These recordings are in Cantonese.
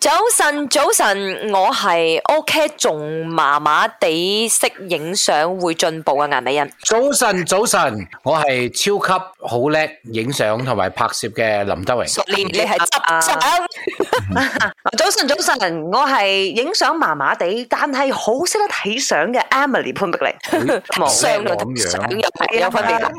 早晨，早晨，我係 OK 仲麻麻地識影相，會進步嘅顏美人。早晨，早晨，我係超級好叻影相同埋拍攝嘅林德榮。熟練，你係執相。早晨，早晨，我係影相麻麻地，但係好識得睇相嘅 Emily 潘碧玲。睇相睇入去啊！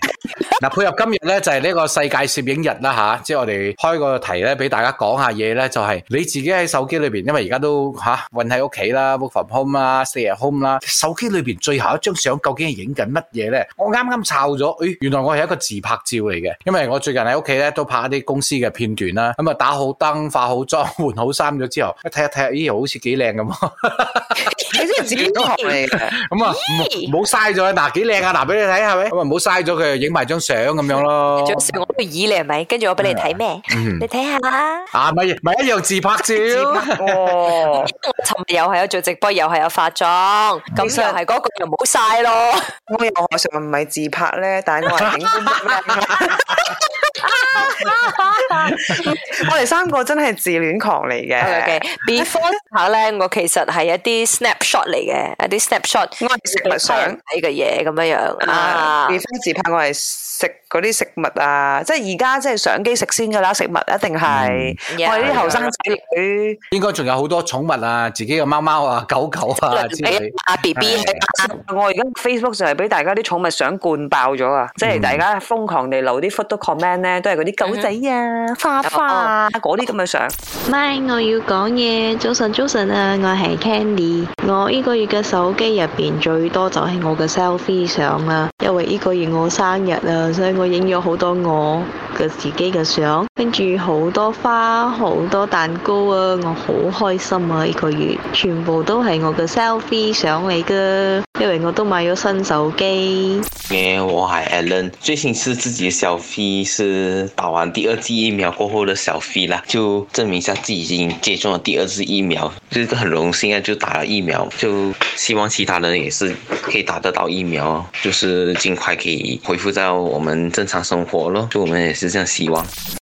嗱，配合今日呢，就係呢個世界攝影日啦，即係我哋開個題呢，俾大家講下嘢呢，就係你自己喺手機裏面，因為依家都，韞喺屋企啦，work from home 啦，stay at home 啦，手機裏面最後一張相究竟係影緊乜嘢呢？我啱啱抄咗，誒，原來我係一個自拍照嚟嘅，因為我最近喺屋企呢，都拍一啲公司嘅片段啦，咁，打好燈，化好妝，換好衫咗之後，一睇一睇，咦，好似幾靚 自己的行李啊? 咁樣咯，仲有我嘅耳你係咪？跟住我俾你睇咩？ 嗯、你睇下啊，咪咪，啊、一樣自拍照，我尋日又係有做直播，又係有化妝，咁 又係嗰個又冇晒咯。我 又我上唔係自拍咧，但係我係整 我哋三個真係自戀狂嚟嘅。Okay，before 下咧，我其實係一啲 snapshot 嚟嘅，一啲 snapshot。我係食物相睇嘅嘢咁樣樣。啊，before 自拍我係食嗰啲食物啊，即係而家即係相機食先噶啦，食物一定係。我係啲後生仔女。應該仲有好多寵物啊，自己嘅貓貓啊、狗狗啊之類。啊，B B。我而家 Facebook 就係俾大家啲寵物相灌爆咗啊！即係大家瘋狂地留啲 photo comment 咧。都係嗰啲狗仔啊、嗯、哼花花啊嗰啲咁嘅相。喂，Bye，我要講嘢，早晨，早晨啊，我係 Candy。我呢個月嘅手機入邊最多就係我嘅 selfie 相啦，因為呢個月我生日啊，所以我影咗好多我嘅自己嘅相。跟住好多花，好多蛋糕啊！我好開心啊！呢個月全部都係我嘅 selfie 上嚟噶，因為我都買咗新手機。Alan，最近是自己嘅 selfie，是打完第二劑疫苗過後嘅 selfie 啦，就證明一下自己已經接種咗第二支疫苗，就是很榮幸啊！就打了疫苗，就希望其他人也是可以打得到疫苗，就是盡快可以恢復到我們正常生活咯。就我們也是這樣希望。